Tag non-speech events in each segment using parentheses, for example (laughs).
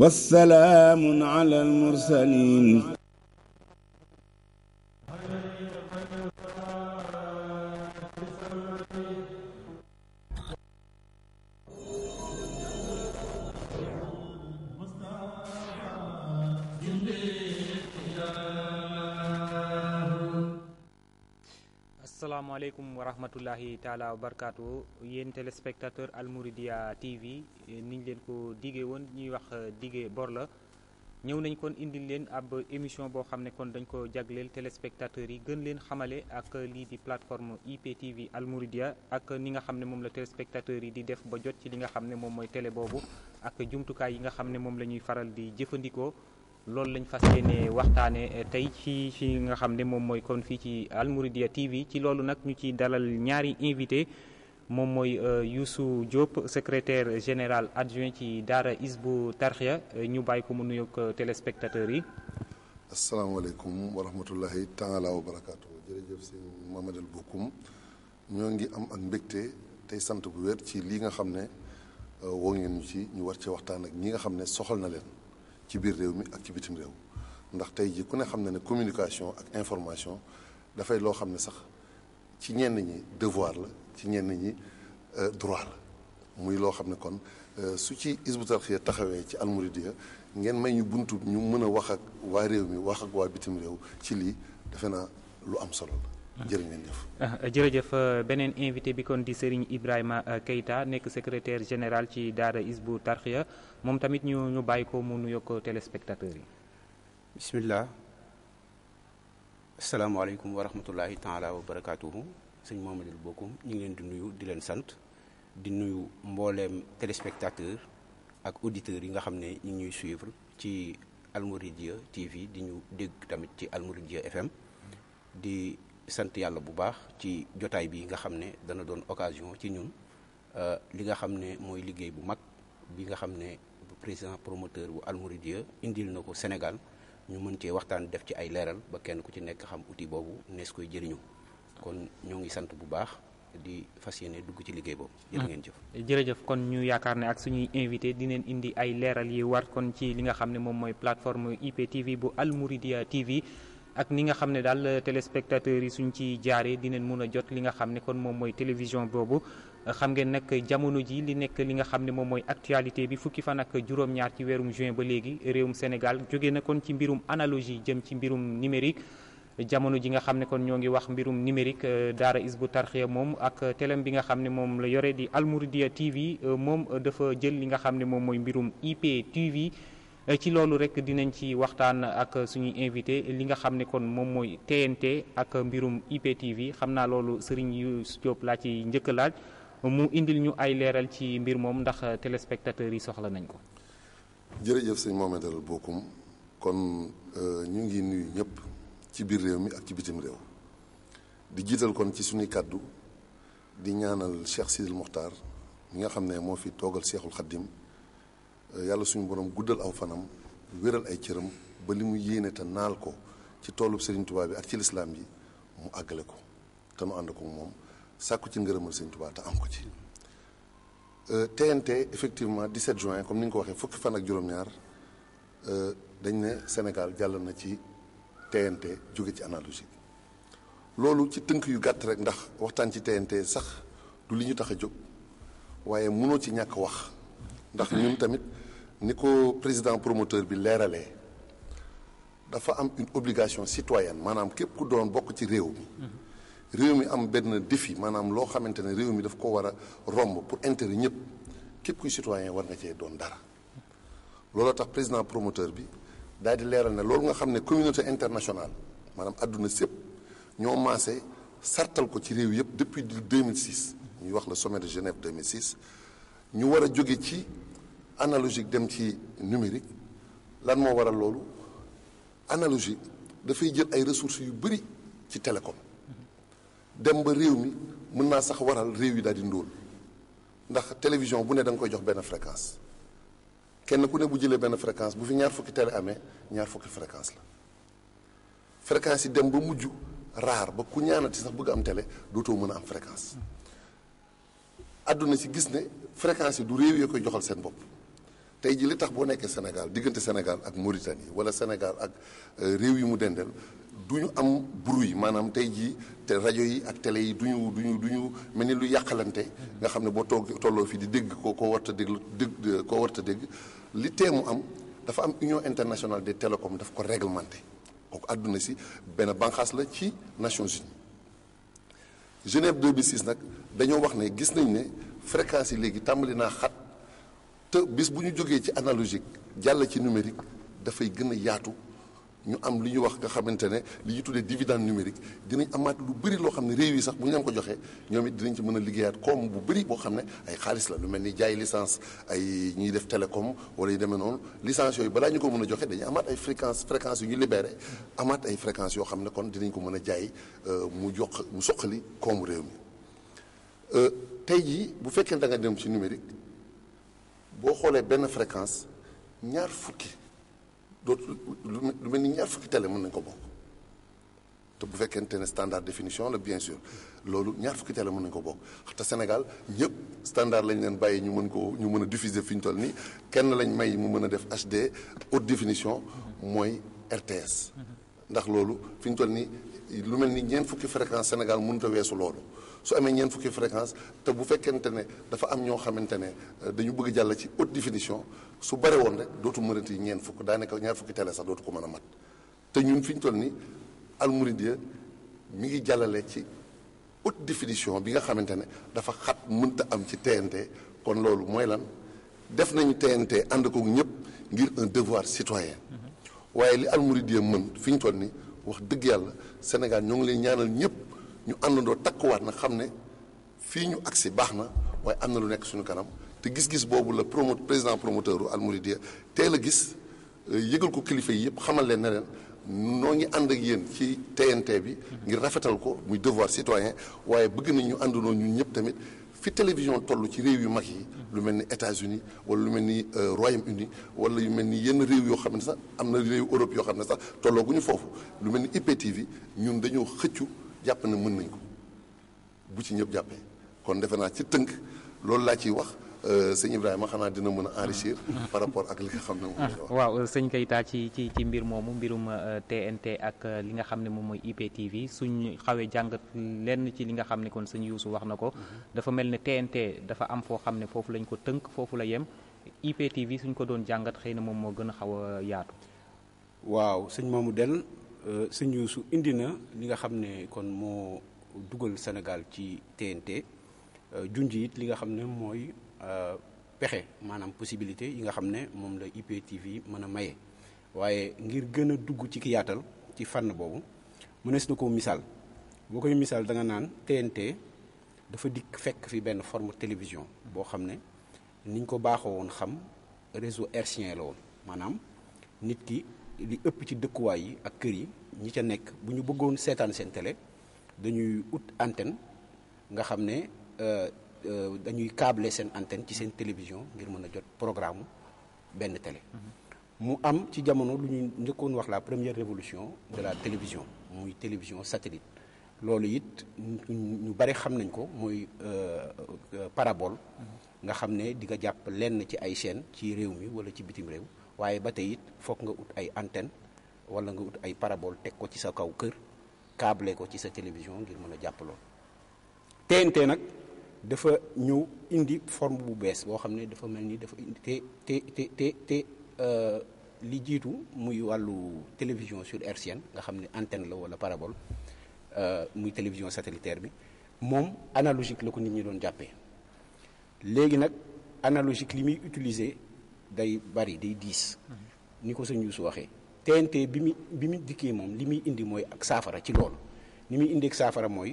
wa salaamun alal mursaliin asalaamaaleykum wa rahmatullahi taala wa barakaatu yéen téléspectateur Almouridiya TV niñ leen ko digee woon ñuy wax digee bor la ñëw nañ kon indil leen ab émission boo xam ne kon dañ ko jagleel téléspectateurs yi gën leen xamale ak lii di plateforme IPTV Almouridiya ak ni nga xam ne moom la téléspectateurs yi di def ba jot ci li nga xam ne moom mooy télé boobu ak jumtukaay yi nga xam ne moom la ñuy faral di jëfandikoo loolu lañ fas yéene waxtaane eh, tey ci ci nga xam ne moom mooy kon fii ci Almouridiya TV ci loolu nag ñu ci dalal ñaari invité moom mooy eh, Youssou Diop secretaire général adjoint ci daara Hizbut Tarqiyyah eh, ñu bàyyi ko mu nuyoog téléspectateurs yi asalaamaaleykum wa rahmatullahi taala wa barakaatu jërëjëf sëñ Mamadou Bokoum ñoo ngi am ak mbégte tey sant bu wér ci lii nga xam ne woo ngeen ñu ci ñu war ci waxtaan ak ñi nga xam ne soxal na leen ci biir réew mi ak ci bitim réew ndax tey jii ku ne xam ne ne communication ak information dafay loo xam ne sax ci ñenn ñi devoir la ci ñenn ñi euh, droit la muy loo xam ne kon euh, su ci Hizbut Tarqiyyah taxawee ci Al Mouridiyyah ngeen may ñu buntu ñu mën a wax ak waa réew mi wax ak waa bitim réew ci lii defe naa lu am solo la. jërë ngeen jëf. Ah, jërëjëf euh, beneen invité bi kon di Serigne Ibrahima euh, Keita nekk secretaire général ci daara Isbu Tarxiya moom tamit ñu ñu bàyyi ko mu nuyoog ko téléspectateurs yi. bisimilah. asalaamaaleykum wa rahmatullahi taala wa barakaatuhu sëñ Mamadou Bokoum ñu ngi leen di nuyu di leen sant di nuyu mbooleem téléspectateur ak auditeurs yi nga xam ne ñu ngi ñuy suivre ci Almouridiya TV di ñu dégg tamit ci Almouridiya FM di. di sant yàlla bu baax ci jotaay bi nga xam ne dana doon occasion ci ñun euh, li nga xam ne mooy liggéey bu mag bi nga xam ne président promoteur bu Almouridiyyah indil na ko Sénégal ñu mën cee waxtaan def ci ay leeral ba kenn ku ci nekk xam outil boobu nees koy jëriñu kon ñoo ngi sant bu baax di fas yéene dugg ci liggéey boobu. jërë ngeen jëf. Ah, jërëjëf kon ñu yaakaar ne ak suñuy invité dineen indi ay leeral yi war kon ci li nga xam ne moom mooy plateforme IPTV bu Almouridiyyah ak ni nga xam ne daal téléspectateurs yi suñ ci jaaree dinañ mun a jot li nga xam ne kon moom mooy télévision boobu xam ngeen nag jamono ji li nekk li nga xam ne moom mooy actualité bi fukki fan ak juróom-ñaar ci weerum juin ba léegi réewum Sénégal jóge na kon ci mbirum analogie jëm ci mbirum numérique jamono ji nga xam ne kon ñoo ngi wax mbirum numérique euh, daara isbu tarxiya moom ak telem bi nga xam ne moom la yore di Almouridiya TV euh, moom dafa jël li nga xam ne moom mooy mbirum IP Euh, ci loolu rek dinañ ci waxtaan ak suñu invité li nga xam ne kon moom mooy TNT ak mbirum IPTV xam naa loolu Serigne Youssou Diop laa ci njëkk laaj mu indil ñu ay leeral ci mbir moom ndax téléspectateurs yi soxla nañ ko. jërëjëf sëñ Mohamed El Bokoum kon euh, ñu ngi nuyu ñëpp ci biir réew mi ak ci bitim réew di jiital kon ci suñuy kàddu di ñaanal Cheikh Sidil Mokhtar mi nga xam ne moo fi toogal Cheikhul Khadim yàlla suñu boroom guddal aw fanam wéral ay cëram ba li mu yéene te naal ko ci toolub Serigne Touba bi ak ci lislaam ji mu àggale ko te nu ànd ko moom sàkku ci ngërëmal Serigne Touba te am ko ci. TNT euh, effectivement 17 juin comme ni nga ko waxee fukki fan ak juróom-ñaar euh, dañ ne Sénégal jàll na ci TNT jóge ci analogie loolu ci tënk yu gàtt rek ndax waxtaan ci TNT sax du li ñu tax a jóg waaye mënoo ci ñàkk wax ndax ñun tamit. ni ko président promoteur bi leeralee dafa am une obligation citoyenne maanaam képp ku doon bokk ci réew mi mm-hmm. réew mi am benn défi maanaam loo xamante ne réew mi daf ko war a romb pour intérêt ñëpp képp kuy citoyen war nga cee doon dara looloo tax président promoteur bi daal di leeral ne loolu nga xam ne communauté internationale maanaam àdduna sépp ñoo maase sartal ko ci réew yëpp depuis 2006 ñuy wax le sommet de Genève 2006 ñu war a jóge ci analogique dem ci numérique lan moo waral loolu analogie dafay jël ay ressources yu bëri ci télécom dem ba réew mi mën naa sax waral réew yi daal di ndóol ndax télévision bu ne da koy jox benn fréquence kenn ku ne bu jëlee benn fréquence bu fi ñaar fukki télé amee ñaar fukki fréquence la fréquence yi dem ba mujj raar ba ku ñaanati sax bëgg am tele télé dootoo mën a am fréquence àdduna si gis ne fréquence yi du réew yee koy joxal seen bopp tey ji li tax boo nekkee Sénégal diggante Sénégal ak Mauritanie wala Sénégal ak euh, réew yi mu dendal du ñu am bruit maanaam tey jii te rajo yi ak télé yi du ñu du ñu du ñu mel ni lu yàqalante nga xam ne boo toog tolloo fii di dégg ko koo warta dégg dégg koo dégg li tee mu am dafa am union internationale des télécoms daf ko réglementé kooku àdduna si benn banqaas la ci Nations Unies Genève 2006 nag dañoo wax ne gis nañ ne fréquence yi léegi tàmbali naa xat te bis bu ñu jógee ci analogique jàll ci numérique dafay gën a yaatu ñu am li ñu wax nga xamante ne li ñu tuddee dividende numérique dinañ amaat lu bëri loo xam ne réew yi sax bu ñu leen ko joxee ñoom dinañ ci mën a liggéeyaat koom bu bëri boo xam ne ay xaalis la lu mel ni jaay licence ñuy def télécom wala yu demee noonu licence yooyu balaa ñu ko mën a joxe dañu amaat ay fréquence fréquence yu ñu libéré amaat ay fréquence yoo xam ne kon dinañ ko mën a jaay euh, mu jox mu soqali koomu réew mi euh, tey jii bu fekkee da dem ci numérique boo xoolee benn fréquence ñaar fukki dootul lu mel ni ñaar fukki télé mun nañ ko bokk te bu fekkente ne standard définition la bien sûr loolu ñaar fukki télé mën nañ ko bokk te Sénégal ñëpp standard lañ leen bàyyi ñu mën ko ñu mën a diffuser fi ñu toll nii kenn lañ may mu mën a def HD haute définition mooy RTS mm-hmm. ndax loolu fi ñu toll nii lu mel ni ñeent fukki fréquence Sénégal mun a weesu loolu su amee ñeen fukki fréquence te bu fekkente ne dafa am ñoo xamante ne euh, dañu bëgg jàll ci haute définition su bare woon rek dootu mënati ñeent fukk daanaka ñaar fukki télé sax dootu ko mën a mat te ñun fi ñu toll ni Al Mouridiyyah mi ngi jàllale ci haute définition bi nga xamante ne dafa xat mënta am ci TNT kon loolu mooy lan def nañu TNT ànd kooku ñëpp ngir un devoir citoyen mm-hmm. waaye li Al Mouridiyyah mën fi ñu toll ni wax dëgg yàlla Sénégal ñoo ngi leen ñaanal ñëpp ñu àndandoo takkuwaat na xam ne fii ñu si baax na waaye am na lu nekk suñu kanam te gis-gis boobu la promo président promoteur u Almouridiya teel a gis euh, yëgal ko kilifa yi yëpp xamal leen ne leen noo ngi ànd ak yéen ci TNT bi ngir rafetal ko muy devoir citoyen waaye bëgg nañ ñu àndandoo ñun ñëpp tamit fi télévision toll ci réew yu mag yi lu mel ni États-Unis wala lu mel ni euh, Royaume-Uni wala yu mel ni yenn réew yoo xam ne sax am na réew Europe yoo xam ne sax tolloo foofu lu mel ni IPTV ñun dañoo xëccu jàpp na mën nañ ko bu ci ñëpp jàppee kon defe naa ci tënk loolu laa ciy wax euh, sëñ Ibrahima xanaa dina mën a enrichir. (laughs) par rapport ak li nga xam ne moom waaw sëñ Keita ci ci ci mbir moomu mbirum TNT euh, ak euh, li nga xam ne moom mooy IPTV suñ xawee jàngat lenn ci li nga xam ne kon sëñ Youssou wax na ko. Mhm. dafa mel ne TNT dafa am foo xam ne foofu lañ ko tënk foofu la yem IPTV suñ ko doon jàngat xëy na moom moo gën a xaw a yaatu. waaw sëñ Mamadou Deme Euh, sëñ Youssou indi na li nga xam ne kon moo dugal Sénégal ci TNT euh, junj it li nga xam ne mooy euh, pexe maanaam possibilité yi nga xam ne moom la IPTV mën a maye waaye ngir gën a dugg ci ki yaatal ci fànn boobu mënees na ko misaal boo koy misaal danga naan TNT dafa dikk fekk fi benn forme télévision boo xam ne niñ ko baaxoo woon xam réseau hertzien la woon maanaam nit ki li ëpp ci dëkkuwaay yi ak kër yi ñi ca nekk bu ñu bëggoon seetaan seen télé dañuy ut antenne nga xam ne euh, euh, dañuy câbler seen antenne ci seen télévision ngir mën a jot programme benn télé. Mm-hmm. mu am ci jamono lu ñuy njëkkoon wax la première révolution de la télévision muy télévision satellite loolu it ñu bari xam nañ ko mooy euh, parabole mm-hmm. nga xam ne di nga jàpp lenn ci ay chaîne ci réew mi wala ci bitim réew waaye ba tey it foog nga ut ay antenne wala nga ut ay parabole teg ko ci sa kaw kër câble ko ci sa télévision ngir mën a jàpp lool TNT nag dafa ñëw indi forme bu bees boo xam ne dafa mel ni dafa indi te te te te te euh, li jiitu muy wàllu télévision sur hertzienne nga xam ne antenne la wala parabole euh, muy télévision satellitaire bi moom analogique la ko nit ñi doon jàppee léegi nag analogique li muy utiliser day bari day diis ni ko sëñ Youssou waxee TNT bi mu bi mu dikkee moom li muy indi mooy ak saafara ci loolu li muy indi ak saafara mooy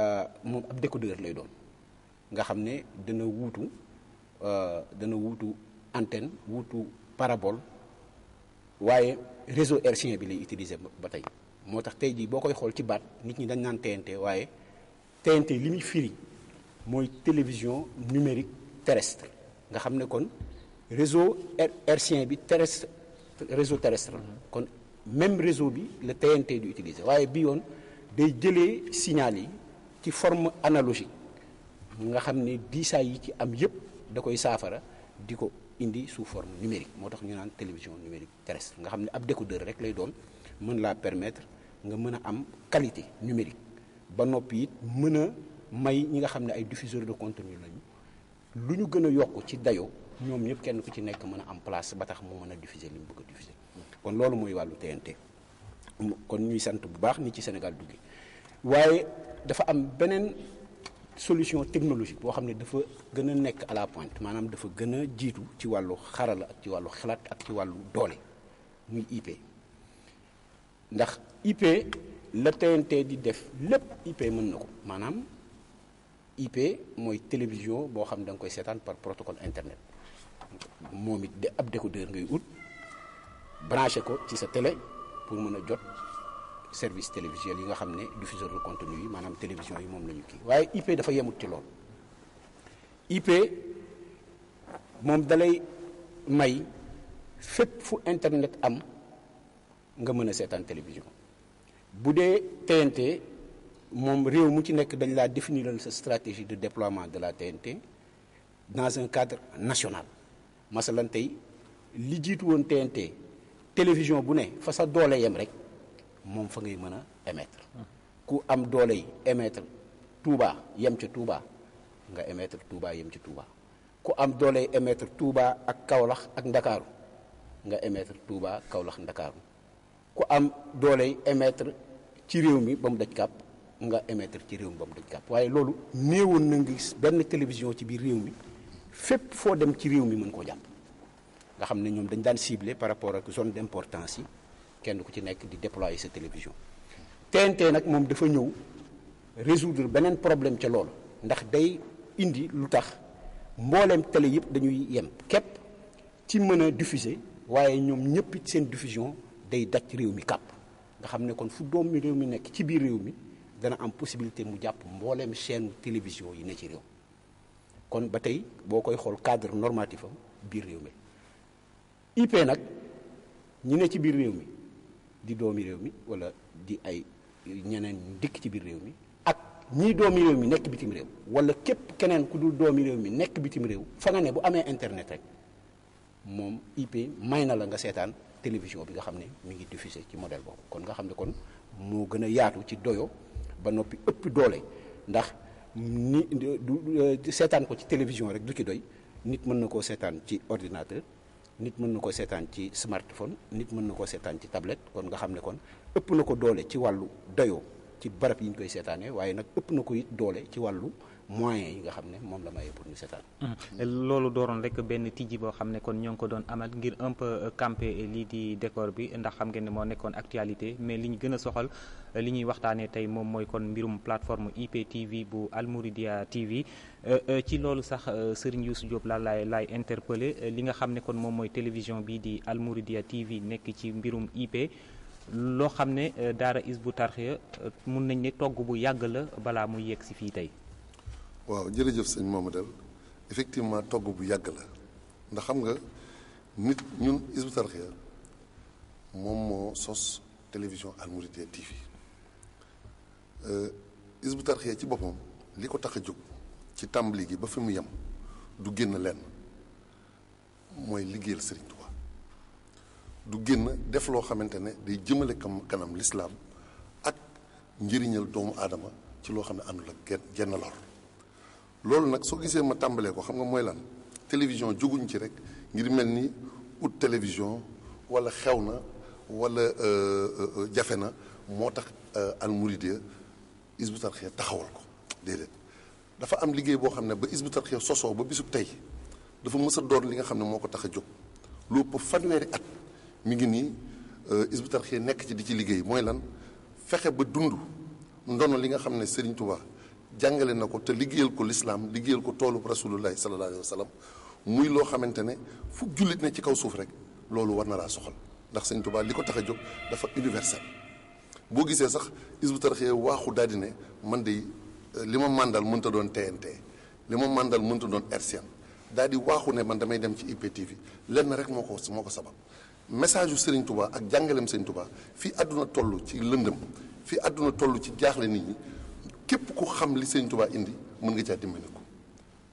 euh, moom ab décodeur lay doon nga xam ne dana wuutu euh, dana wuutu antenne wuutu parabole waaye réseau hertzien bi lay utiliser ba tey moo tax tey jii boo koy xool ci baat nit ñi dañ naan TNT waaye TNT li muy firi mooy télévision numérique terrestre nga xam ne kon réseau hertzien bi terrestre réseau terrestre la kon même réseau bi la TNT du utiliser waaye bi yoon day jëlee signal yi ci forme analogique nga xam ne diisaay yi ci am yëpp da koy saafara di ko indi sous form numérique moo tax ñu naan télévision numérique terrestre nga xam ne ab décodeur rek lay doon mën laa permettre nga mën a am qualité numérique ba noppi it mën a may ñi nga xam ne ay diffuseur de contenu lañu lu ñu gën a yokk ci dayo ñoom ñëpp kenn ku ci nekk mën a am place ba tax mu mën a diffuser li mu bëgg a diffuser kon loolu mooy wàllu TNT kon ñuy sant bu baax ni ci senegal duggee waaye dafa am beneen solution technologique boo xam ne dafa gën a nekk à la pointe maanaam dafa gën a jiitu ci wàllu xarala ak ci wàllu xalaat ak ci wàllu doole muy IP ndax IP la TNT di def lépp IP mën na ko maanaam IP mooy télévision boo xam da nga koy seetaan par protocole internet moom it de ab décodeur ngay ut branché ko ci sa télé pour mën a jot service télévisuel yi nga xam ne diffuseur de contenu yi maanaam télévision yi moom la ñu kii waaye IP dafa yemut ci lool IP moom dalay may fépp fu internet am nga mën a seetaan télévision bu dee TNT moom réew mu ci nekk dañ laa définir sa stratégie de déploiement de la TNT dans un cadre national masalan tey li jiitu woon TNT télévision bu ne fa sa doole yem rek moom fa ngay mën a émettre ku am doole yi émettre Touba yem ca Touba nga émettre Touba yem ca Touba ku am doole yi émettre ak Kaolack ak Ndakaaru nga émettre Touba Kaolack Ndakaaru ku am doole yi émettre ci réew mi ba mu daj kàpp nga émettre ci réew mi ba mu daj kàpp waaye loolu néewoon na nga gis benn télévision ci biir réew mi fépp foo dem ci réew mi mën koo jàpp nga xam ne ñoom dañ daan cible par rapport ak zone d'importance yi kenn ku ci nekk di déployer sa télévision TNT nag moom dafa ñëw résoudre beneen problème ca loolu ndax day indi lu tax mbooleem télé yëpp dañuy yem képp ci mën a diffuser waaye ñoom ñëpp seen diffusion day daj réew mi kàpp nga xam ne kon fu doom mi réew mi nekk ci biir réew mi dana am possibilité mu jàpp mbooleem chaîne télévision yi ne ci réew kon ba tey boo koy xool cadre normatif biir réew mi IP nag ñi ne ci biir réew mi di doomi réew mi wala di ay ñeneen dikk ci biir réew mi ak ñii doomi réew mi nekk bitim réew wala képp keneen ku dul doomi réew mi nekk bitim réew fa nga ne bu amee internet rek moom IP may na la nga seetaan télévision bi nga xam ne mi ngi diffusé ci model boobu kon nga xam ne kon moo gën a yaatu ci doyo ba noppi ëpp doole ndax ni du seetaan ko ci télévision rek du ci doy nit mën na koo seetaan ci ordinateur nit mën na ko seetaan ci smartphone nit mën na koo seetaan ci tablette kon nga xam ne kon ëpp na ko doole ci wàllu dayoo ci barab yi ñu koy seetaanee waaye nag ëpp na ko it doole ci wàllu moyens yi nga xam ne moom la maye pour ñu mm-hmm. loolu dooroon rek benn tijji boo xam ne kon ñoo ngi ko doon amal ngir un peu euh, lii di décor bi ndax xam ngeen ne moo nekkoon actualité mais li ñu gën a soxal euh, li ñuy waxtaanee tey moom mooy kon mbirum plateforme IPTV bu Almouridia TV euh, ci loolu sax Serigne Diop laa laay laay li nga xam ne kon moom mooy télévision bii di Almouridia TV nekk ci mbirum IP. loo xam ne daara is Hizbut Tarqiyyah mun nañ ne togg bu yàgg la balaa muy yegg si fii tey waaw jërëjëf sëñ del effectivement togg bu yàgg la ndax xam nga nit ñun Hizbut Tarqiyyah moom moo sos télévision Al Mouridiyyah TV euh, Hizbut Tarqiyyah ci boppam li ko tax a jóg ci tàmbali gi ba fi mu yem du génn lenn mooy liggéeyal Serigne du génn def loo xamante ne day jëmale kam kanam lislaam ak njëriñal doomu aadama ci loo xam ne àndul ak genn genn loolu nag soo gisee ma tàmbalee ko xam nga mooy lan télévision juguñ ci rek ngir mel ni ut télévision wala xew na wala euh, euh, euh, jafe na moo tax almouridia isbu tarxiya taxawal ko déedéet dafa am liggéey boo xam ne ba isbu xee sosoo ba bisub tey dafa mës a doon li nga xam ne moo ko tax a jóg lu ëpp fanweeri at mi ngi nii isbu tarxiya nekk ci di ci liggéey mooy lan fexe ba dund ndono li nga xam ne Serigne Touba. jàngale na ko te liggéeyal ko lislaam liggéeyal ko toolu rasulullahi sallallahu alayhi wa sallam muy loo xamante ne fu jullit ne ci kaw suuf rek loolu war na laa soxal ndax sëñ Tuubaa li ko tax a jóg dafa universel boo gisee sax Hizbut Tarqiyyah waaxu daal di ne man de euh, li ma màndal mënta doon TNT li ma màndal mënta doon RCM daal di waaxu ne man damay dem ci IPTV lenn rek moo ko moo ko sabab message yu Serigne Touba ak jàngaleem Serigne Touba fii àdduna toll ci lëndëm fii àdduna toll ci jaaxle nit ñi képp ku xam li sëñ tubaa indi mën nga caa dimbali ko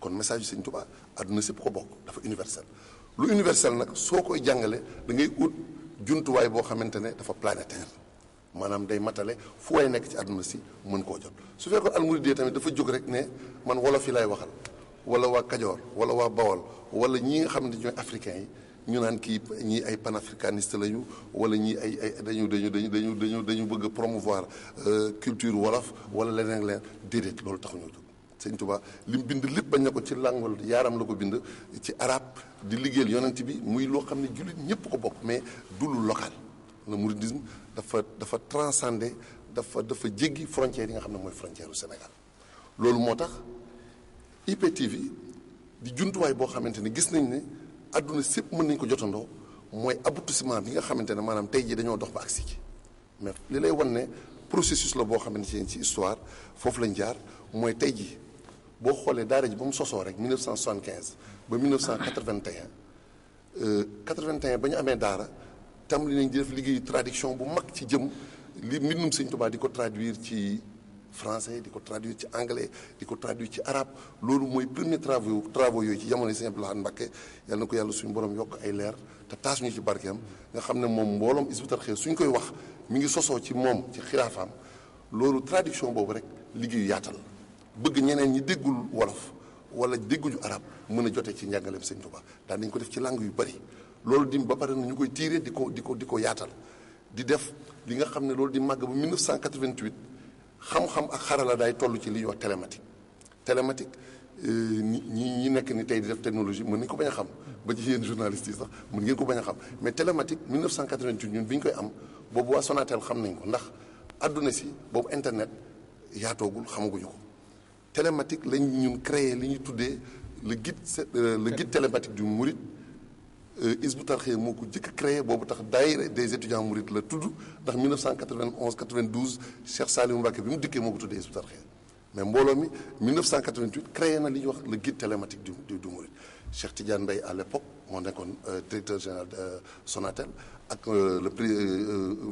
kon message yi sëñ tubaa àdduna sépp ko bokk dafa universel lu universel nag soo koy jàngale da ngay ut jumtuwaay boo xamante ne dafa planétaire maanaam day matale fu way nekk ci àdduna si mën koo jot su fekkoon almuridee tamit dafa jóg rek ne man wolof yi laay waxal wala waa Kajoor wala waa Bawol wala ñi nga xam ne ñooy africain yi ñu naan kii ñii ay panafricaniste lañu wala ñii ay ay dañu dañu dañu dañu dañu bëgg a promouvoir euh, culture wolof wala leneen ak déedéet loolu tax ñoo jóg sëñ Tuba li mu bind lépp bañ na ko ci làngal yaaram la ko bind ci arab di liggéeyal yonent bi muy loo xam ne jullit ñëpp ko bokk mais du lu local le mouridisme dafa dafa transcender dafa dafa jéggi frontière yi nga xam ne mooy frontière senegal loolu moo tax IPTV di jumtuwaay boo xamante ne gis nañ ne. àdduna sépp mën nañ ko jotandoo mooy aboutissement bi nga xamante ne maanaam tey jii dañoo dox ba si ci mais li lay wan ne processus la boo xamante ne ci histoire foofu lañ jaar mooy tey jii boo xoolee daara ji ba mu sosoo rek 1975 ba 1981 81 euh, ba ñu amee daara tam li nañ def liggéeyu traduction bu mag ci jëm li mbindum Sëñ Tuubaa di ko traduire ci français di ko traduire ci anglais di ko traduire ci arabe loolu mooy premier travaux travaux yooyu ci jamono Sëñ Abdou Lahad Mbacké ko yàlla suñu borom yokk ay leer te taas ñu ci barkeem nga xam ne moom mbooloom Hizbut Tarqiyyah suñ koy wax mi ngi sosoo ci moom ci xilaafaam loolu traduction boobu rek liggéeyu yaatal bëgg ñeneen ñi déggul wolof wala dégguñu arab mën a jote ci njàngaleem Sëñ Tuubaa daan nañ ko def ci langue yu bari loolu dim ba pare ñu koy tiiree di ko di ko di ko yaatal di def li nga xam ne loolu di màgg ba 1988 xam-xam ak xarala daay toll ci li ñu wax télématique télématique euh, ñi ñi nekk ni tey di def technologie mën nañu ko bañ a xam ba ci yéen journalistes yi sax mën ngeen ko bañ a xam mais télématique 1988 ñun bi ñu koy am boobu waa Sonatel xam nañ ko ndax adduna si boobu internet yaatoogul xamaguñu ko télématique lañ ñun créé li ñu tuddee le guide euh, le guide télématique du Mouride Euh, Hizbut Tarqiyyah moo ko jëkk créé boobu tax daayira des étudiants mourides la tudd ndax 1991 92 Cheikh Salim Mbacké bi mu dikkee moo ko tuddee Hizbut Tarqiyyah mais mbooloo mi 1988 créé na li ñuy wax le guide télématique du du Mouride Cheikh Tidiane Mbaye à l'époque moo nekkoon euh, directeur général euh, Sonatel ak euh, le prix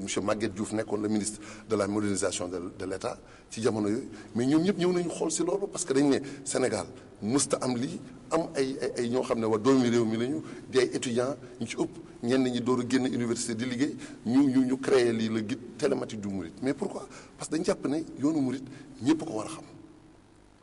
monsieur Maguette Diouf nekkoon le ministre de la modernisation de de l' état ci jamono yooyu mais ñoom ñëpp ñëw nañu xool si loolu parce que dañ ne Sénégal musta am lii am ay ay ñoo xam ne waa doomi réew mi lañu di ay étudiants ñu ci ëpp ñenn ñi door génn université di liggéey ñu ñu ñu lii le guide télématique du Mouride mais pourquoi parce que dañ jàpp ne yoonu Mouride ñëpp ko war a xam.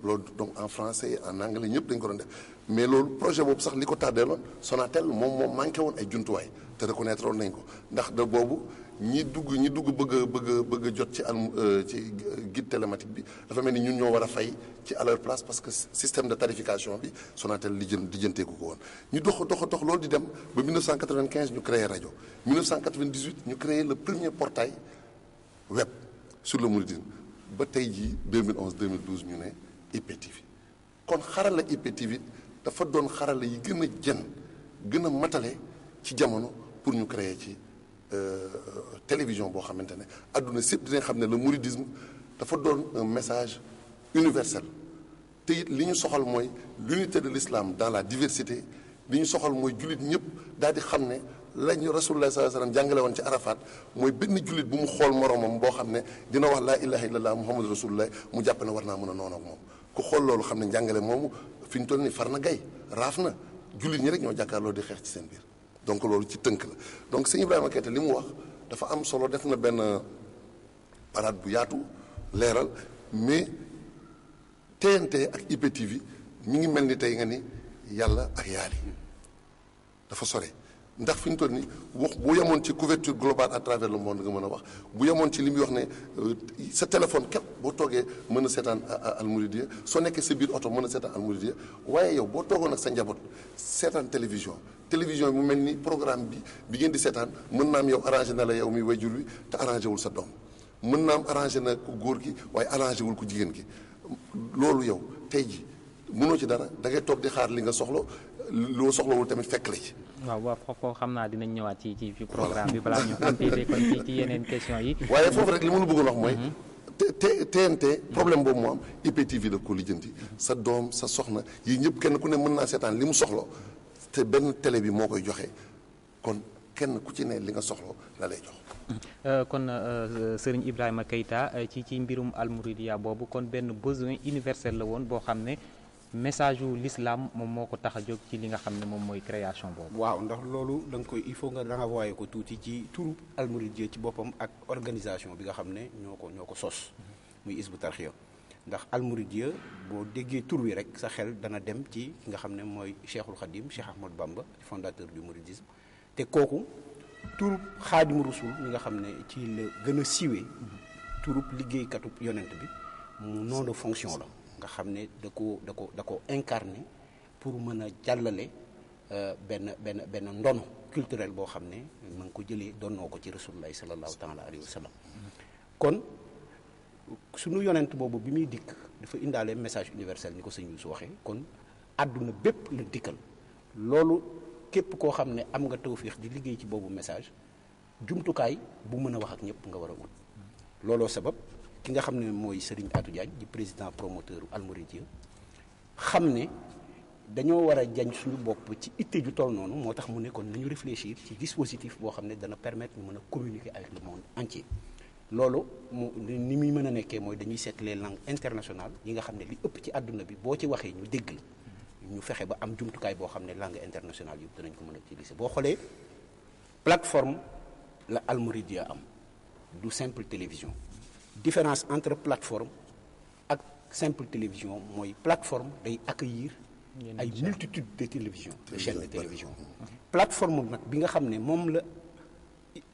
loolu donc en français en anglais ñëpp dañ ko doon def mais loolu projet boobu sax li ko tardee tàddeeloon Sonatel moom moom manqué woon ay jumtuwaay te reconnaître woon nañ ko ndax da boobu ñu dugg ñu dugg bëgg a bëgg a bëgg a jot ci an euh, ci guide télématique bi dafa mel ni ñun ñoo war a ci à leur parce que système de tarification bi Sonatel li jën di ko woon ñu dox dox dox loolu di dem ba 1995 ñu créé rajo 1998 ñu créé le premier portail web sur le Mouridine ba tey jii 2011 2012 ñu ne IPTV kon xarala IPTV dafa doon xarala yi gën a jën gën a matale ci jamono pour ñu créer ci euh, télévision boo xamante ne àdduna sépp dinañ xam ne la mouridisme dafa doon un message universel te li ñu soxal mooy l'unité de l'islam dans la diversité li ñu soxal mooy jullit ñëpp daal di xam ne lañu sa sallallahu alayhi wasallam jàngale woon ci arafat mooy benn jullit bu mu xool moromam boo xam ne dina wax laa ilaha illallah muhammadu rasulullah mu jàpp ne war naa mën a noonu moom ku xool loolu xam ne njàngale moomu fi ñu toll nii far na gay raaf na jullit ñi rek ñoo jàkkaarloo di xeex ci seen biir donc loolu ci tënk la donc sëñ Ibrahima Keita li mu wax dafa am solo def na benn parade bu yaatu leeral mais TNT ak IPTV mi ngi mel ni tey nga ni yàlla ak yaali dafa sore ndax fi ñu toll nii wax bu yemoon ci couverture globale à travers le monde nga mën a wax bu yemoon ci li muy wax ne euh, sa téléphone képp boo toogee mën a seetaan euh, euh, almouridiya soo nekkee sa biir oto mën na seetaan almouridiya waaye yow boo toogoon ak sa njaboot seetaan télévision télévision mu mel ni programme bi bi ngeen di seetaan mën naa am yow arrangé na la yow mi wayjur wi te arrangé wul sa doom mën na am arrangé na ku góor gi waaye arrangé wul ku jigéen gi loolu yow tey ji mënoo ci dara da ngay toog di xaar li nga soxla loo soxlawul tamit fekk la ci waaw waaw foofu xam naa dinañ ñëwaat ci ci ci programme bi balaa ñu empiser kon ci ci yeneen question yi. (laughs) waaye foofu rek li ma la bëggoon mooy. te mhm. TNT problème boobu moo am IPTV da ko lijjanti sa doom sa soxna yii ñëpp kenn ku ne mën naa seetaan li mu soxla te benn télé bi moo koy joxe kon kenn ku ci ne li nga soxla la lay jox. Euh, kon euh, sëriñ Ibrahima Keita ci ci mbirum almouridia boobu kon benn besoin universel la woon boo xam ne. message wu l'islam moom moo ko tax a jóg ci li nga xam ne moom mooy création boobu. waaw ndax loolu danga koy il faut nga renvoyer ko tuuti ci turu almuridiyya ci boppam ak organisation bi nga xam ne ñoo ko ñoo ko sos muy isbu tarxiya ndax almuridiyya boo déggee tur wi rek sa xel dana dem ci ki nga xam ne mooy cheikhul xadim cheikh ahmad bamba fondateur du mouridisme te kooku turub xaadimu rasul ñi nga xam ne ci la gën a siiwee turub liggéeykatub bi mu nom la xam ne da ko da ko da ko incarné pour mën a jàllale euh, benn benn benn ndono culturel boo xam ne ma ko jëlee donnoo ko ci rasulullahi sallallahu taala alayhi wa sallam kon suñu yonent boobu bi muy dikk dafa indaale message universel ni ko sëñ su waxee kon àdduna bépp la dikkal loolu képp koo xam ne am nga tawféex di liggéey ci boobu message jumtukaay bu mën a wax ak ñëpp nga war a wut looloo sabab ki nga xam ne mooy Serigne Atou Diagne di président promoteur Almouridiyyah xam ne dañoo war a jañ suñu bopp ci itte ju tool noonu moo tax mu ne kon nañu réfléchir ci dispositif boo xam ne dana permettre ñu mën a communiquer avec le monde entier loolu mu ni muy mën a nekkee mooy dañuy seet les langues internationales yi nga xam ne li ëpp ci àdduna bi boo ci waxee ñu dégg la ñu fexe ba am jumtukaay boo xam ne langue internationale yëpp danañ ko mën a utiliser boo xoolee plateforme la Almouridiyyah am du simple télévision différence entre plateforme ak simple télévision mooy plateforme day accueillir ay multitude de télévision de chaînes de télévision plateforme nag bi nga xam ne moom la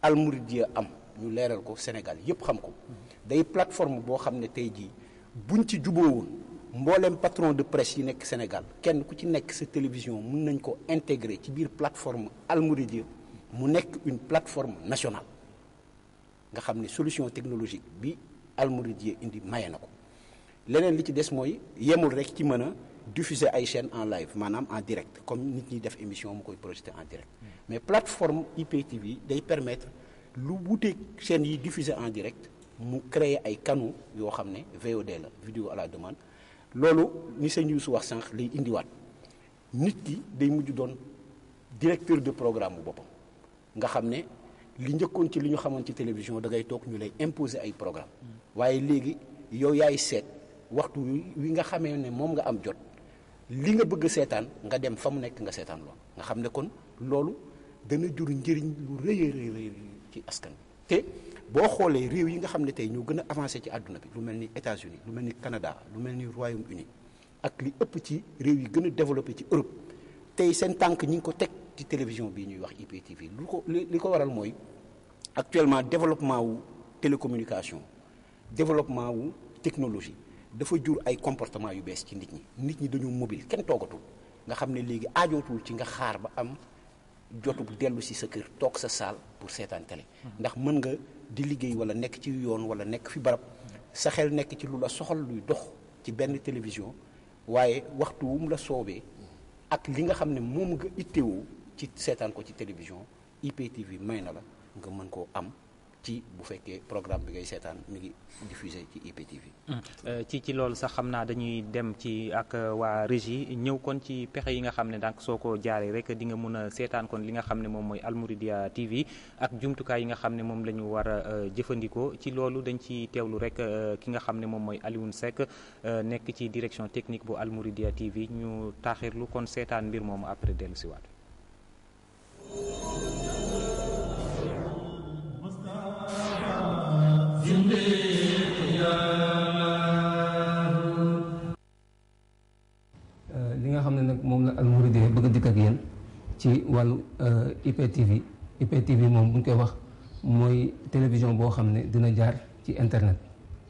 Almouridiyyah am ñu leeral ko Sénégal yépp xam ko day plateforme boo xam ne tey jii buñ ci jubóowoon mbooleem patron de presse yi nekk Sénégal kenn ku ci nekk sa télévision mun nañ ko intégré ci biir plateforme Almouridiyyah mu nekk une plateforme national nga xam ni solution technologique bi almouridiyyah indi maye na ko leneen li ci des mooy yemul rek ci mën a diffuser ay chaînes en live maanaam en direct comme nit ñi def émission mu koy projeté en direct mm. mais plateforme IPTV day permettre lu wuteeg chaînes yi diffuser en direct mu créer ay canaux yoo xam ne VOD la vidéo à la demande loolu ni sëñ Youssou wax sànq lay indiwaat nit ki day mujj doon directeur de programme bu boppam nga xam ne li njëkkoon ci li ñu xamoon ci télévision da ngay toog ñu lay imposer ay programme waaye léegi yow yaay seet waxtu wi nga xamee ne moom nga am jot li nga bëgg seetaan nga dem fa mu nekk nga seetaan lool nga xam ne kon loolu dana jur njëriñ lu rëy rëy ci askan bi te boo xoolee réew yi nga xam ne tey ñoo gën a avancé ci àdduna bi lu mel ni États-Unis lu mel ni Canada lu mel ni Royaume-Uni ak li ëpp ci réew yi gën a développé ci Europe tey seen tànk ñi ngi ko teg ci télévision bii ñuy wax IPTV lu ko li ko waral mooy actuellement développement wu télécommunication développement wu technologie dafa jur ay comportement yu bees ci nit ñi nit ñi dañu mobile kenn toogatul nga xam ne léegi aajootul ci nga xaar ba am jotu dellu si sa kër toog sa saal pour seetaan télé ndax mën nga di liggéey wala nekk ci yoon wala nekk fi barab sa xel nekk ci lu la soxal luy dox ci benn télévision waaye waxtu la soobee ak li nga xam ne moom ci seetaan ko ci télévision IPTV may na la nga mën koo am ci bu fekkee programme bi ngay seetaan mi ngi diffusé ci IPTV. Mm. Euh, ci ci loolu sax xam naa dañuy dem ci ak euh, waa régie ñëw kon ci pexe yi nga xam ne donc soo ko jaaree rek di nga mën a seetaan kon li nga xam ne moom mooy Almouridiyyah TV ak jumtukaay yi nga xam ne moom la ñu war a euh, jëfandikoo ci loolu dañ ci teewlu rek ki nga xam ne moom mooy Alioune Seck nekk ci direction technique bu Almouridiyyah TV ñu taaxirlu kon seetaan mbir moomu après dellu siwaat Euh, li nga xam ne nag moom la almouride bëgg a dikk ak yéen ci wàllu euh, IPTV IPTV moom bu koy wax mooy télévision boo xam ne dina jaar ci internet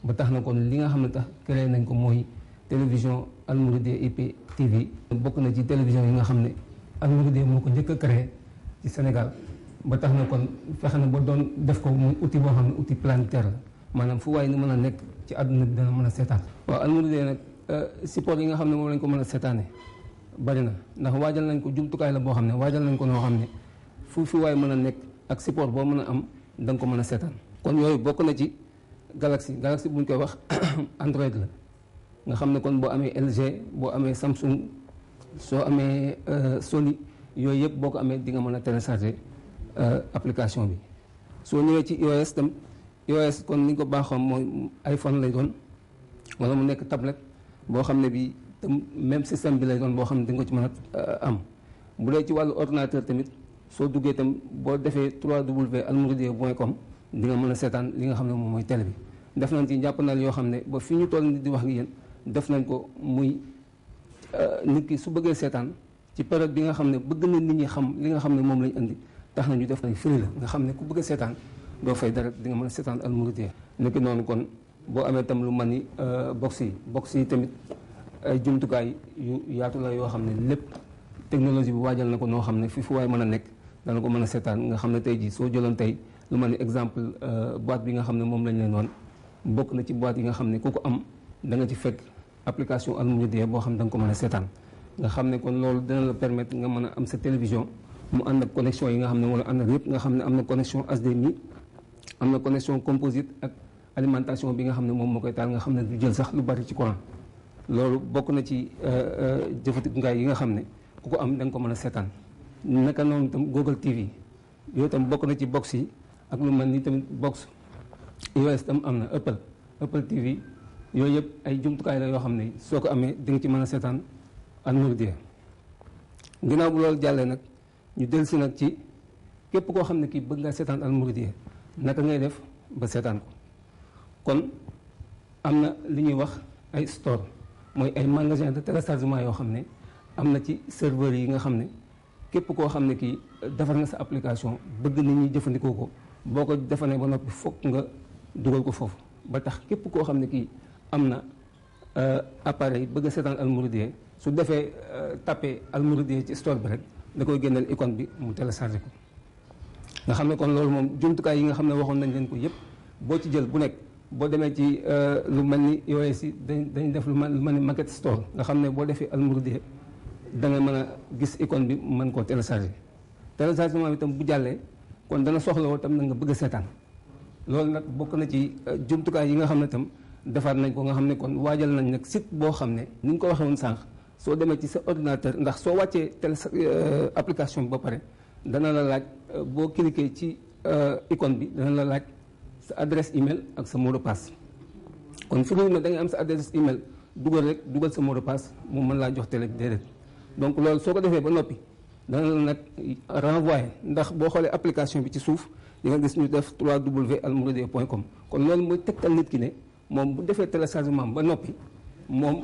ba tax na kon li nga xam ne tax créé nañ ko mooy télévision almouride IPTV bokk na ci télévision yi nga xam ne almouride moo ko njëkk a créé ci Sénégal ba tax na kon fexe na ba doon def ko muy uti boo xam ne uti planétaire la maanaam fu waaye ni mën a nekk ci àdduna bi dana mën a seetaan. waaw almouride nag euh, support yi nga xam ne moom lañ ko mën a seetaanee bari na ndax waajal nañ ko jumtukaay la boo xam ne waajal nañ ko noo xam ne fu fi waay mën a nekk ak sipport boo mën a am danga ko mën a seetaan. kon yooyu bokk na ci galaxi Galaxy buñ ñu koy wax (coughs) Android la nga xam ne kon boo amee LG boo amee Samsung soo amee euh, Sony. yooyu yëpp boo ko amee di nga mën a télécharger euh, application bi soo ñëwee ci iOS tam iOS kon ni ñu ko baaxoon mooy iPhone lay doon wala mu nekk tablette boo xam ne bi tam même système bi lay doon boo xam ne di nga ci mën a euh, am bu dee ci wàllu ordinateur tamit soo duggee itam boo defee 3w almouridiyyah point com di mën a seetaan li nga xam ne moom mooy télé bi def nañ ci njàppandal yoo xam ne ba fi ñu toll nit di wax ak yéen def nañ ko muy euh, nit ki su bëggee seetaan ci période bi nga xam ne bëgg na nit ñi xam li nga xam ne moom lañ indi tax na ñu def ay firi nga xam ne ku bëgg a seetaan doo fay dara dinga mën a seetaan Al Mouridiyyah nekk noonu kon boo amee tam lu man ni euh, box yi box tamit ay jumtukaay yu yaatu la yoo xam ne lépp technologie bi waajal na ko noo xam ne fi fu mën a nekk dana ko mën a seetaan nga xam ne tey jii soo jëloon tey lu ma ne exemple euh, boîte bi nga xam ne moom lañ leen wan bokk na ci boîte yi nga xam ne ku ko am da nga ci fekk application Al Mouridiyyah boo xam ne da nga ko mën a seetaan nga xam ne kon loolu dana la permettre nga mën a am sa télévision mu ànd ak connexion yi nga xam ne wala ànd ak yëpp nga xam ne am na connexion HDMI am na connexion composite ak alimentation bi nga xam ne moom moo koy taal nga xam ne du jël sax lu bari ci courant loolu bokk na ci euh, euh, jëfandikukaay yi nga xam ne ku ko am danga ko mën a seetaan naka noonu tam Google TV yooyu tam bokk na ci box yi ak lu mel ni tamit box iOS tam am na Apple Apple TV yooyu yëpp ay jumtukaay la yoo xam ne soo ko amee di nga ci mën a seetaan almourdiya ginnaaw bu loolu jàllee nag ñu del si nag ci képp koo xam ne kii bëgg nga seetaan almourdiya naka ngay def ba seetaan ko kon am na li ñuy wax ay store mooy ay magasin de téléchargement yoo xam ne am na ci serveur yi nga xam ne képp koo xam ne kii defar nga sa application bëgg nit ñi jëfandikoo ko boo ko defanee ba noppi fokk nga dugal ko foofu ba tax képp koo xam ne kii am na euh, appareil bëgg a seetaan almourdiya su defee euh, tapé almouride ci store bi rek da koy génneel icône bi mu téléchargé ko nga xam ne kon loolu moom jumtukaay yi nga xam ne waxoon nañ leen ko yëpp boo ci jël bu nekk boo demee ci euh, lu mel ni yooyu si dañ dañ def lu mel ni market store nga xam ne boo defee almouride da nga mën a gis icône bi mën koo téléchargé téléchargement bi tam bu jàllee kon dana soxlawoo tam na nga bëgg seetaan loolu nag bokk na ci euh, jumtukaay yi nga xam ne tam defar nañ ko nga xam ne kon waajal nañ nag site boo xam ne ni ñu ko waxee woon sànq soo demee ci sa ordinateur ndax soo wàccee télé euh, application bi ba pare dana la laaj euh, boo cliquer ci euh, icône bi dana la laaj sa adresse email ak sa mot de kon fi mu ne da am sa adresse email dugal rek dugal sa mot de passe mu mën laa jox télé bi déedéet donc loolu soo ko defee ba noppi dana la nag renvoyé ndax boo xoolee application bi ci suuf di nga gis ñu def 3w almouridiyyah point com kon loolu mooy tegtal nit ki ne moom bu defee téléchargement ba noppi moom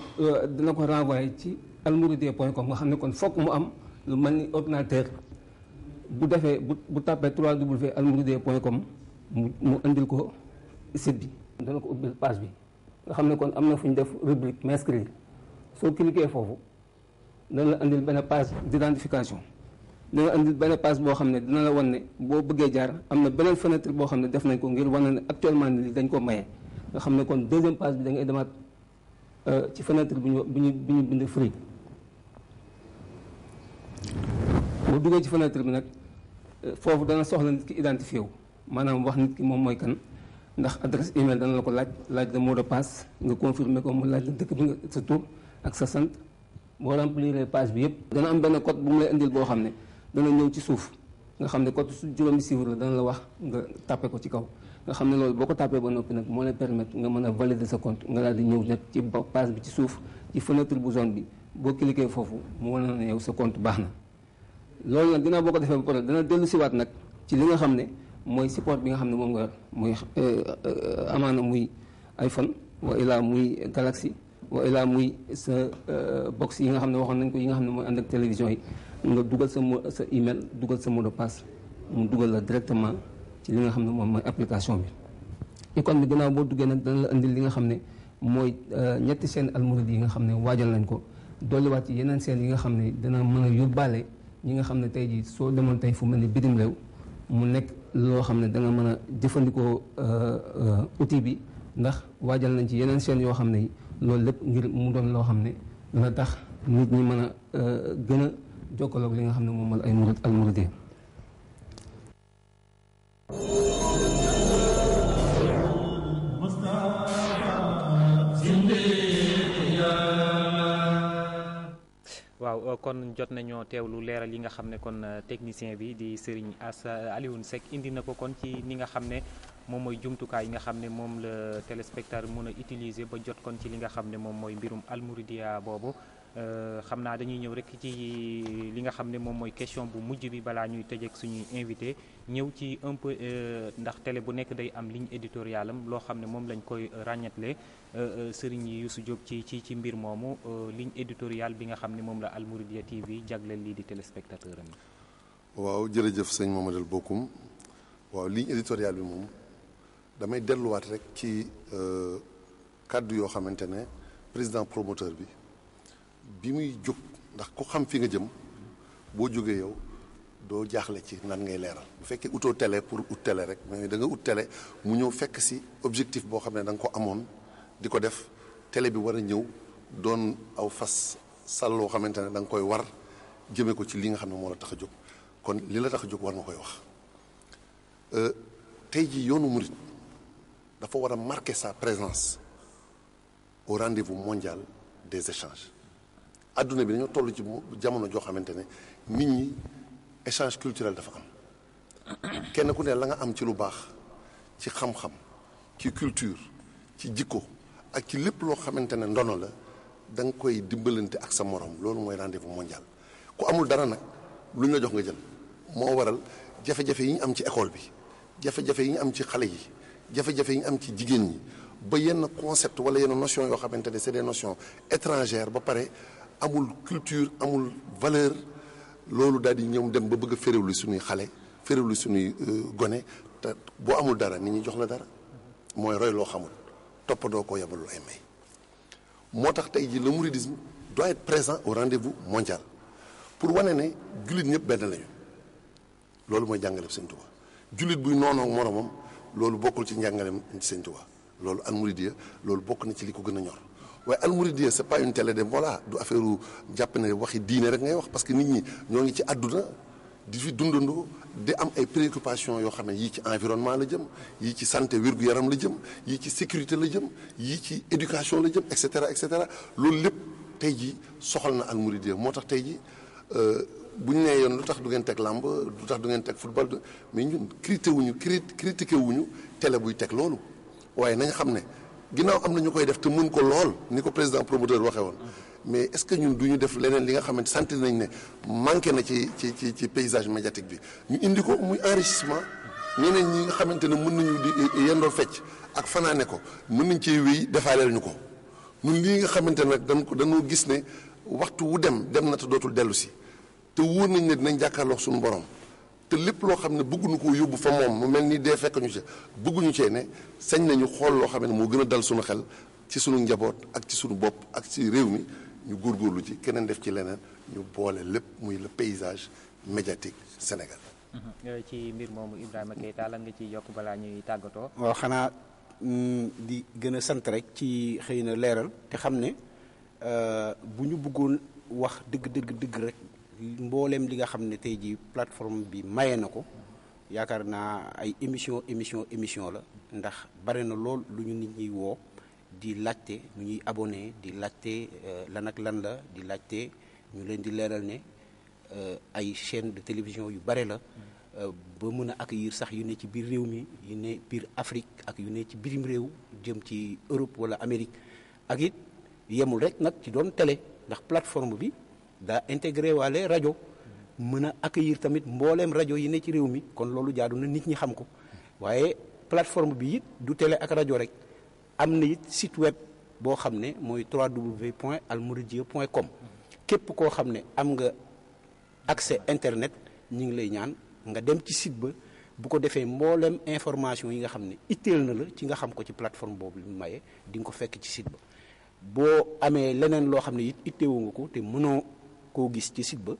dina ko renvoyé ci almouridiyyah point com nga xam ne kon fokk mu am lu mel ni ordinateur bu defee bu bu tàppee 3w almouridiyyah point com mu mu indil ko site bi. dana ko ubbil page bi nga xam ne kon am na fu ñu def rubrique m'inscrire soo cliquer foofu dana la indil benn page d'identification dana indil benn page boo xam ne dina la wan ne boo bëggee jaar am na beneen fenêtre boo xam ne def nañ ko ngir wan ne actuellement ni li dañ ko maye nga xam ne kon deuxième page da ngay demaat euh, ci fenêtre bi ñu bi ñu bind free boo duggee ci fenêtre bi nag foofu dana soxla nit ki identifié wu maanaam wax nit ki moom mooy kan ndax adresse email dana la ko laaj laaj la mot de passe nga confirmer ko mu laaj la dëkk bi nga sa tur ak sa sant boo remplir page bi yëpp. dana am benn code bu mu lay indil boo xam ne dana ñëw ci suuf nga xam ne code su juróomi chiffre la dana la wax nga tàppe ko ci kaw. nga xam ne loolu boo ko tàppee ba noppi nag moo lay permettre nga mën a valider sa compte nga daal di ñëw nag ci page bi ci suuf ci fenêtre bu zone bi. boo cliquer foofu mu wane na new sa compte baax na loolu nag ginnaaw boo ko defee ba pare dana dellu siwaat nag ci li nga xam ne mooy support bi nga xam ne moom nga muy euh, amaana muy iPhone wa ilaa muy Galaxy wa muy sa euh, box yi nga xam ne waxoon nañ ko yi nga xam ne mooy ànd ak télévision yi nga dugal sa sa email dugal sa mot de mu dugal la directement ci li nga xam ne moom mooy application bi icône bi gannaaw boo duggee nag dana la indil li nga xam ne mooy euh, ñetti chaîne Al Mouridiyyah yi nga xam ne waajal nañ ko dolliwaat ci yeneen seen yi nga xam ne dina mën a yóbbaale ñi nga xam ne tey jii soo demoon tey fu mel ni bitim réew mu nekk loo xam ne da mën a jëfandikoo euh, euh, outil bi ndax waajal nañ ci yeneen seen yoo xam ne loolu lépp ngir mu doon loo xam ne dana tax nit ñi mën a euh, gën a jokkaloog li nga xam ne moom mooy ay murid al muridiyya kon jot nañoo teewlu leeral yi nga xam ne kon euh, technicien bi di Serigne As euh, Alioune Seck indi na ko kon ci ni nga xam ne moom mooy jumtukaay yi nga xam ne moom la téléspectateur mun a utiliser ba jot kon ci li nga xam ne moom mooy mbirum almouridia boobu. Euh, xam naa dañuy ñëw rek ci li nga xam ne moom mooy question bu mujj bi balaa ñuy tëjeek suñuy invité ñëw ci un peu euh, ndax tele bu nekk day am ligne éditoriale am loo xam ne moom lañ koy euh, ràññatle sëriñ Youssou Diop ci ci ci mbir moomu ligne éditoriale bi nga xam ne moom la Al Mouridiyyah TV jagleel lii di téléspectateur am. waaw jërëjëf sëñ Mamadou Bokoum waaw ligne éditoriale bi moom damay delluwaat rek ci kàddu yoo xamante ne président promoteur bi. bi muy jóg ndax ku xam fi nga jëm boo jógee yow doo jaaxle ci nan ngay leeral bu fekkee utoo tele pour ut télé rek mais da nga ut télé mu ñëw fekk si objectif boo xam ne danga nga ko amoon di ko def télé bi war a ñëw doon aw fas sal loo xamante ne da nga koy war jëmee ko ci li nga xam ne moo la tax a jóg kon li la tax a jóg war nga koy wax euh, tey jii yoonu murit dafa war a marquer sa présence au rendez-vous mondial des échanges adduna bi dañoo toll ci jamono joo xamante ne nit ñi échange culturel dafa am kenn ku ne la nga am ci lu baax ci xam-xam ci culture ci jikko ak ci lépp loo xamante ne ndono la da nga koy dimbalante ak sa morom loolu mooy rendez-vous mondial ku amul dara nag lu ñu la jox nga jël moo waral jafe-jafe yi ñu am ci école bi jafe-jafe yi ñu am ci xale yi jafe-jafe yi ñu am ci jigéen ñi ba yenn concept wala yenn notion yoo xamante ne c'est des notions étrangères ba pare amul culture amul valeur loolu daal di ñoom dem ba bëgg a féréwlu suñuy xale féréwlu suñuy euh, gone te boo amul dara nit ñi jox la dara mooy roy loo xamul toppadoo ko yabal lu ay may moo tax tey jii la mouridisme doit être présent au rendez-vous pour wane ne jullit ñëpp benn lañu loolu mooy jàngaleem Sëñ Tuubaa jullit buy noonoo moromam loolu bokkul ci njàngaleem Sëñ wa loolu al muridiyya loolu bokk na ci li ko gën a ñor waaye almouridiya c'est pas une télé de voilà du affaire u jàpp ne waxi diine rek ngay wax parce que nit ñi ñoo ngi ci àdduna di fi dundandoo di am ay préoccupations yoo xam ne yii ci environnement la jëm yii ci santé wér-gu-yaram la jëm yii ci sécurité la jëm yii ci éducation la jëm et cetera et cetera loolu lépp tey jii soxal na almouridiya moo tax tey jii euh, bu ñu nee yoon lu tax du ngeen teg làmb lu tax du ngeen teg football mais ñun critiqué wuñu critiqué wuñu télé buy teg loolu waaye nañ xam ne. ginnaaw am na ñu koy def te mun ko lool ni ko président promoteur waxee woon mais est-ce que ñun du ñu def leneen li nga xamante sentir nañ ne manqué na ci ci ci ci paysage médiatique bi ñu indi ko muy enrichissement ñeneen ñi nga xamante ne mën nañu di yendoo fecc ak fanaane ko mën nañ cee wéy defaaleel ñu ko nu lii nga xamante nag dañ ko dañoo gis ne waxtu wu dem dem na te dootul dellu si te wóor nañ ne dinañ jàkkaarloo suñu borom. te lépp loo xam ne bëgguñu ko yóbbu fa moom mu mel ni dee fekk ñu ci bëgguñu cee ne sañ nañu xool loo xam ne moo gën a dal suñu xel ci suñu njaboot ak ci suñu bopp ak ci réew mi ñu góorgóorlu ci keneen def ci leneen ñu boole lépp muy le paysage médiatique Sénégal. Mm-hmm. Euh, ci mbir moomu Ibrahima Keita lan nga ciy yokk balaa ñuy tàggatoo. waaw xanaa mm, di gën a sant rek ci xëy na leeral te xam ne euh, bu ñu bëggoon wax dëgg dëgg dëgg rek mbooleem li nga xam ne tey jii plateforme bi maye na ko yaakaar naa ay émission émission émission la ndax bare na lool lu ñu nit ñiy woo di laajte ñu ñuy abonné di laajte euh, lan ak lan la di laajte ñu leen di leeral ne euh, ay chaîne de télévision yu bare la euh, ba mën a accueillir sax yu ne ci biir réew mi yu ne biir Afrique ak yu ne ci birim réew jëm ci Europe wala Amérique ak it yemul rek nag ci doon télé ndax plateforme bi daa intégré waale rajo mën a accueillir tamit mbooleem rajo yi ne ci réew mi kon loolu jaadu na nit ñi xam ko waaye plateforme bi it du tele ak rajo rek am na it site web boo xam ne mooy www.almouridiyyah.com képp koo xam ne am nga accès internet ñi ngi lay ñaan nga dem ci site ba bu ko defee mbooleem information yi nga xam ne itteel na la ci nga xam ko ci plateforme boobu li mu maye di nga ko fekk ci site ba boo amee leneen loo xam ne it itteewu nga ko koo gis ci site ba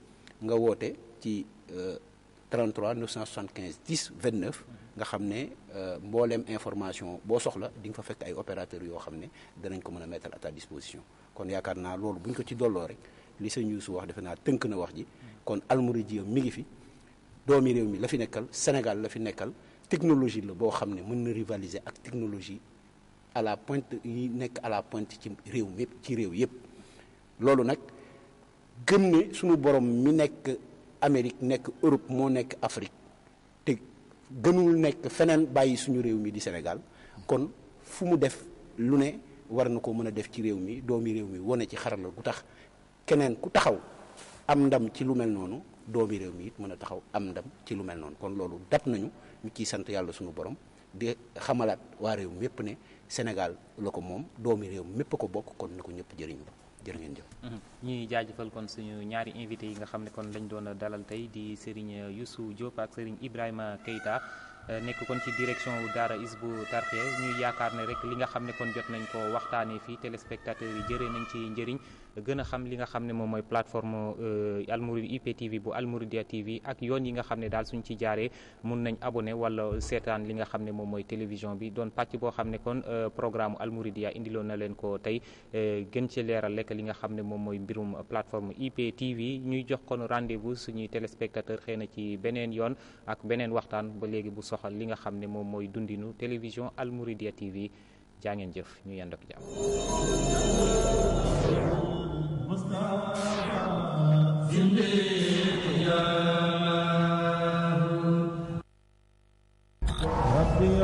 nga woote ci 33 975 10 29 nga xam ne euh, mbooleem information boo soxla di nga fa fekk ay opérateurs yoo xam ne danañ ko mën a mettre à ta disposition kon yaakaar naa loolu bu ñu ko ci dolloo rek li sëñ Youssou wax defe naa tënk na wax ji kon Almouridiyyah mi ngi fi doomi réew mi la fi nekkal Sénégal la fi nekkal technologie la boo xam ne mën na rivaliser ak technologie à la point yi nekk à la pointe ci réew mépp ci réew yëpp loolu nag gëm ne sunu borom mi nekk amerique nekk Europe moo nekk Afrique te gënul nekk feneen bàyyi suñu réew mi di senegal kon fu mu def lu ne war na ko mën a def ci réew mi doomi réew mi wane ci xarala gu tax keneen ku taxaw am ndam ci lu mel noonu doomi réew mi it mën a taxaw am ndam ci lu mel noonu kon loolu dab nañu ñu ciy sant yàlla sunu borom di xamalaat waa réew mépp ne senegal la ko moom doomi réew mépp ko bokk kon na ko ñëpp jëriñu jërë ngeen jëf. Mhm. ñuy jaajëfal kon suñu ñaari invité yi nga xam ne kon lañ doon dalal tey di Serigne Youssou Diop ak Serigne Ibrahima Keita eh, nekk kon ci direction daara Hizbut Tarqiyyah ñuy yaakaar ne rek li nga xam ne kon jot nañ ko waxtaanee fii téléspectateurs yi jëree nañ ci njëriñ. gën a xam li nga xam ne moom mooy plateforme euh, almouridi IPTV bu almouridia TV ak yoon yi nga xam ne daal suñ ci jaaree mun nañ abone wala seetaan li nga xam ne moom mooy télévision bi doon pàcc boo xam ne kon euh, programme almouridia indiloon na leen ko tey euh, gën ci leeral lekk li nga xam ne moom mooy mbirum plateforme IPTV ñuy jox kon rendez-vous suñuy téléspectateur xëy na ci beneen yoon ak beneen waxtaan ba léegi bu soxal li nga xam ne moom mooy dundinu télévision almouridia TV jaa ngeen jëf ñu yend ak jàmm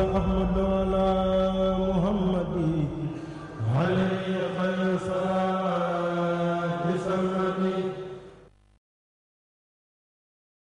Ahmad